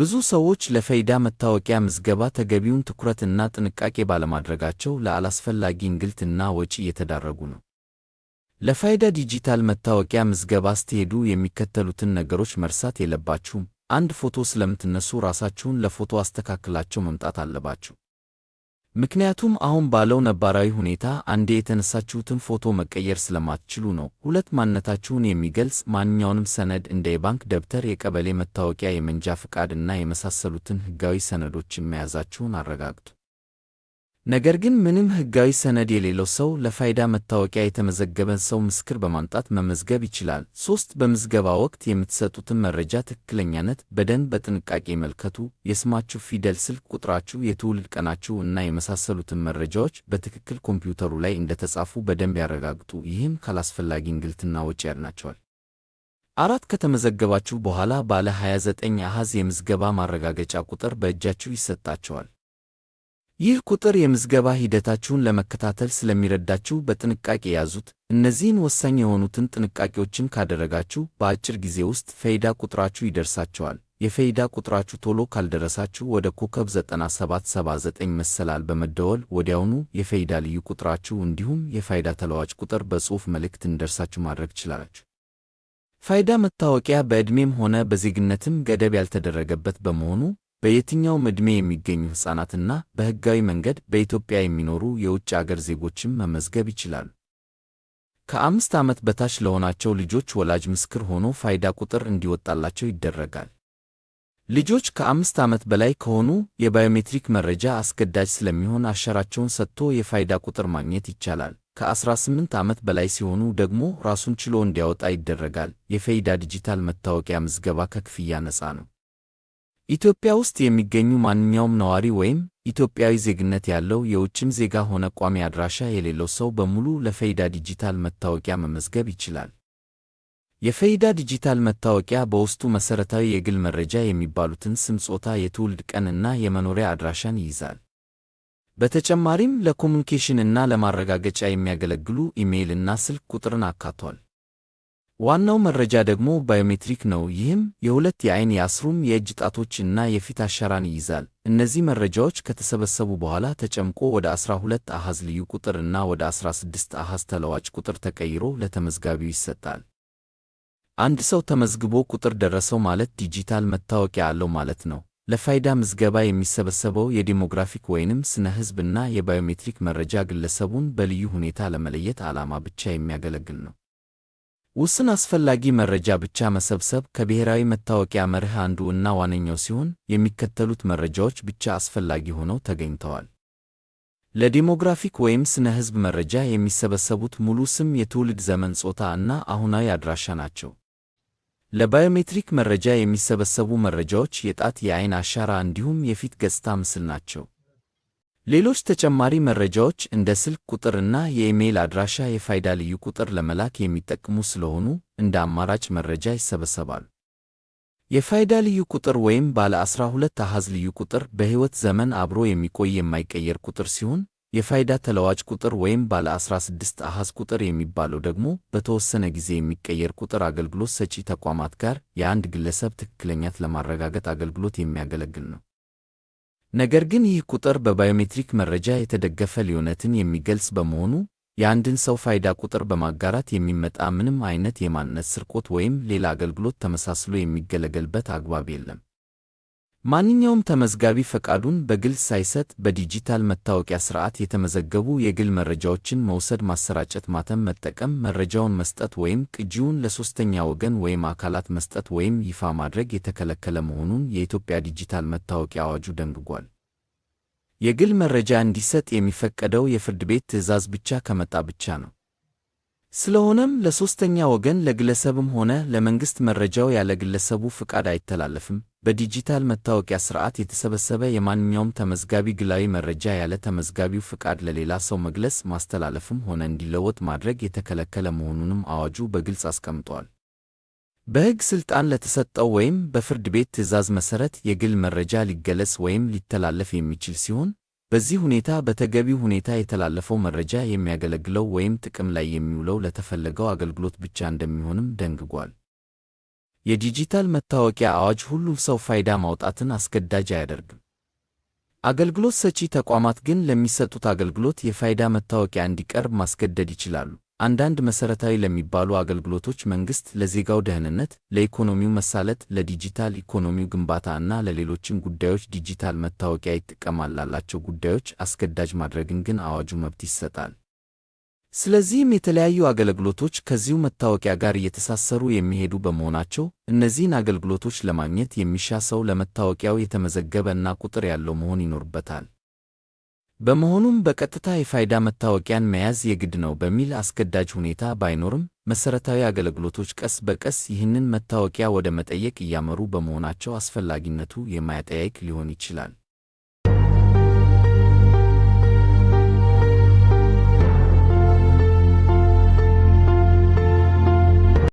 ብዙ ሰዎች ለፈይዳ መታወቂያ ምዝገባ ተገቢውን ትኩረትና ጥንቃቄ ባለማድረጋቸው ለአላስፈላጊ እንግልትና ወጪ እየተዳረጉ ነው። ለፋይዳ ዲጂታል መታወቂያ ምዝገባ ስትሄዱ የሚከተሉትን ነገሮች መርሳት የለባችሁም። አንድ ፎቶ ስለምትነሱ ራሳችሁን ለፎቶ አስተካክላቸው መምጣት አለባችሁ። ምክንያቱም አሁን ባለው ነባራዊ ሁኔታ አንዴ የተነሳችሁትን ፎቶ መቀየር ስለማትችሉ ነው። ሁለት ማንነታችሁን የሚገልጽ ማንኛውንም ሰነድ እንደ የባንክ ደብተር፣ የቀበሌ መታወቂያ፣ የመንጃ ፈቃድ እና የመሳሰሉትን ሕጋዊ ሰነዶችን መያዛችሁን አረጋግጡ። ነገር ግን ምንም ሕጋዊ ሰነድ የሌለው ሰው ለፋይዳ መታወቂያ የተመዘገበን ሰው ምስክር በማምጣት መመዝገብ ይችላል። ሶስት በምዝገባ ወቅት የምትሰጡትን መረጃ ትክክለኛነት በደንብ በጥንቃቄ ይመልከቱ። የስማችሁ ፊደል፣ ስልክ ቁጥራችሁ፣ የትውልድ ቀናችሁ እና የመሳሰሉትን መረጃዎች በትክክል ኮምፒውተሩ ላይ እንደተጻፉ በደንብ ያረጋግጡ። ይህም ካላስፈላጊ እንግልትና ወጪ ያድናቸዋል። አራት ከተመዘገባችሁ በኋላ ባለ 29 አሃዝ የምዝገባ ማረጋገጫ ቁጥር በእጃችሁ ይሰጣቸዋል። ይህ ቁጥር የምዝገባ ሂደታችሁን ለመከታተል ስለሚረዳችሁ በጥንቃቄ ያዙት። እነዚህን ወሳኝ የሆኑትን ጥንቃቄዎችን ካደረጋችሁ በአጭር ጊዜ ውስጥ ፈይዳ ቁጥራችሁ ይደርሳችኋል። የፈይዳ ቁጥራችሁ ቶሎ ካልደረሳችሁ ወደ ኮከብ 9779 መሰላል በመደወል ወዲያውኑ የፈይዳ ልዩ ቁጥራችሁ እንዲሁም የፋይዳ ተለዋጭ ቁጥር በጽሑፍ መልእክት እንደርሳችሁ ማድረግ ትችላላችሁ። ፋይዳ መታወቂያ በዕድሜም ሆነ በዜግነትም ገደብ ያልተደረገበት በመሆኑ በየትኛውም ዕድሜ የሚገኙ ሕፃናትና በሕጋዊ መንገድ በኢትዮጵያ የሚኖሩ የውጭ አገር ዜጎችም መመዝገብ ይችላሉ። ከአምስት ዓመት በታች ለሆናቸው ልጆች ወላጅ ምስክር ሆኖ ፋይዳ ቁጥር እንዲወጣላቸው ይደረጋል። ልጆች ከአምስት ዓመት በላይ ከሆኑ የባዮሜትሪክ መረጃ አስገዳጅ ስለሚሆን አሻራቸውን ሰጥቶ የፋይዳ ቁጥር ማግኘት ይቻላል። ከ18 ዓመት በላይ ሲሆኑ ደግሞ ራሱን ችሎ እንዲያወጣ ይደረጋል። የፈይዳ ዲጂታል መታወቂያ ምዝገባ ከክፍያ ነፃ ነው። ኢትዮጵያ ውስጥ የሚገኙ ማንኛውም ነዋሪ ወይም ኢትዮጵያዊ ዜግነት ያለው የውጭም ዜጋ ሆነ ቋሚ አድራሻ የሌለው ሰው በሙሉ ለፈይዳ ዲጂታል መታወቂያ መመዝገብ ይችላል። የፈይዳ ዲጂታል መታወቂያ በውስጡ መሠረታዊ የግል መረጃ የሚባሉትን ስም፣ ጾታ፣ የትውልድ ቀን እና የመኖሪያ አድራሻን ይይዛል። በተጨማሪም ለኮሙኒኬሽን እና ለማረጋገጫ የሚያገለግሉ ኢሜይል እና ስልክ ቁጥርን አካቷል። ዋናው መረጃ ደግሞ ባዮሜትሪክ ነው። ይህም የሁለት የአይን የአስሩም የእጅ ጣቶች እና የፊት አሻራን ይይዛል። እነዚህ መረጃዎች ከተሰበሰቡ በኋላ ተጨምቆ ወደ 12 አሃዝ ልዩ ቁጥር እና ወደ 16 አሃዝ ተለዋጭ ቁጥር ተቀይሮ ለተመዝጋቢው ይሰጣል። አንድ ሰው ተመዝግቦ ቁጥር ደረሰው ማለት ዲጂታል መታወቂያ አለው ማለት ነው። ለፋይዳ ምዝገባ የሚሰበሰበው የዲሞግራፊክ ወይንም ስነ ሕዝብ እና የባዮሜትሪክ መረጃ ግለሰቡን በልዩ ሁኔታ ለመለየት ዓላማ ብቻ የሚያገለግል ነው። ውስን አስፈላጊ መረጃ ብቻ መሰብሰብ ከብሔራዊ መታወቂያ መርህ አንዱ እና ዋነኛው ሲሆን የሚከተሉት መረጃዎች ብቻ አስፈላጊ ሆነው ተገኝተዋል። ለዲሞግራፊክ ወይም ስነ ሕዝብ መረጃ የሚሰበሰቡት ሙሉ ስም፣ የትውልድ ዘመን፣ ጾታ እና አሁናዊ አድራሻ ናቸው። ለባዮሜትሪክ መረጃ የሚሰበሰቡ መረጃዎች የጣት፣ የአይን አሻራ እንዲሁም የፊት ገጽታ ምስል ናቸው። ሌሎች ተጨማሪ መረጃዎች እንደ ስልክ ቁጥርና የኢሜይል አድራሻ የፋይዳ ልዩ ቁጥር ለመላክ የሚጠቅሙ ስለሆኑ እንደ አማራጭ መረጃ ይሰበሰባሉ። የፋይዳ ልዩ ቁጥር ወይም ባለ 12 አሃዝ ልዩ ቁጥር በሕይወት ዘመን አብሮ የሚቆይ የማይቀየር ቁጥር ሲሆን የፋይዳ ተለዋጭ ቁጥር ወይም ባለ 16 አሃዝ ቁጥር የሚባለው ደግሞ በተወሰነ ጊዜ የሚቀየር ቁጥር አገልግሎት ሰጪ ተቋማት ጋር የአንድ ግለሰብ ትክክለኛት ለማረጋገጥ አገልግሎት የሚያገለግል ነው። ነገር ግን ይህ ቁጥር በባዮሜትሪክ መረጃ የተደገፈ ልዩነትን የሚገልጽ በመሆኑ የአንድን ሰው ፋይዳ ቁጥር በማጋራት የሚመጣ ምንም አይነት የማንነት ስርቆት ወይም ሌላ አገልግሎት ተመሳስሎ የሚገለገልበት አግባብ የለም። ማንኛውም ተመዝጋቢ ፈቃዱን በግልጽ ሳይሰጥ በዲጂታል መታወቂያ ሥርዓት የተመዘገቡ የግል መረጃዎችን መውሰድ፣ ማሰራጨት፣ ማተም መጠቀም፣ መረጃውን መስጠት ወይም ቅጂውን ለሦስተኛ ወገን ወይም አካላት መስጠት ወይም ይፋ ማድረግ የተከለከለ መሆኑን የኢትዮጵያ ዲጂታል መታወቂያ አዋጁ ደንግጓል። የግል መረጃ እንዲሰጥ የሚፈቀደው የፍርድ ቤት ትዕዛዝ ብቻ ከመጣ ብቻ ነው። ስለሆነም ለሦስተኛ ወገን ለግለሰብም ሆነ ለመንግሥት መረጃው ያለ ግለሰቡ ፍቃድ አይተላለፍም። በዲጂታል መታወቂያ ስርዓት የተሰበሰበ የማንኛውም ተመዝጋቢ ግላዊ መረጃ ያለ ተመዝጋቢው ፍቃድ ለሌላ ሰው መግለጽ፣ ማስተላለፍም ሆነ እንዲለወጥ ማድረግ የተከለከለ መሆኑንም አዋጁ በግልጽ አስቀምጧል። በሕግ ሥልጣን ለተሰጠው ወይም በፍርድ ቤት ትዕዛዝ መሠረት የግል መረጃ ሊገለጽ ወይም ሊተላለፍ የሚችል ሲሆን በዚህ ሁኔታ በተገቢው ሁኔታ የተላለፈው መረጃ የሚያገለግለው ወይም ጥቅም ላይ የሚውለው ለተፈለገው አገልግሎት ብቻ እንደሚሆንም ደንግጓል። የዲጂታል መታወቂያ አዋጅ ሁሉም ሰው ፋይዳ ማውጣትን አስገዳጅ አያደርግም። አገልግሎት ሰጪ ተቋማት ግን ለሚሰጡት አገልግሎት የፋይዳ መታወቂያ እንዲቀርብ ማስገደድ ይችላሉ። አንዳንድ መሠረታዊ ለሚባሉ አገልግሎቶች መንግሥት ለዜጋው ደህንነት፣ ለኢኮኖሚው መሳለጥ፣ ለዲጂታል ኢኮኖሚው ግንባታ እና ለሌሎችም ጉዳዮች ዲጂታል መታወቂያ ይጠቀማል ላላቸው ጉዳዮች አስገዳጅ ማድረግን ግን አዋጁ መብት ይሰጣል። ስለዚህም የተለያዩ አገልግሎቶች ከዚሁ መታወቂያ ጋር እየተሳሰሩ የሚሄዱ በመሆናቸው እነዚህን አገልግሎቶች ለማግኘት የሚሻ ሰው ለመታወቂያው የተመዘገበ እና ቁጥር ያለው መሆን ይኖርበታል። በመሆኑም በቀጥታ የፋይዳ መታወቂያን መያዝ የግድ ነው በሚል አስገዳጅ ሁኔታ ባይኖርም መሠረታዊ አገልግሎቶች ቀስ በቀስ ይህንን መታወቂያ ወደ መጠየቅ እያመሩ በመሆናቸው አስፈላጊነቱ የማያጠያይቅ ሊሆን ይችላል።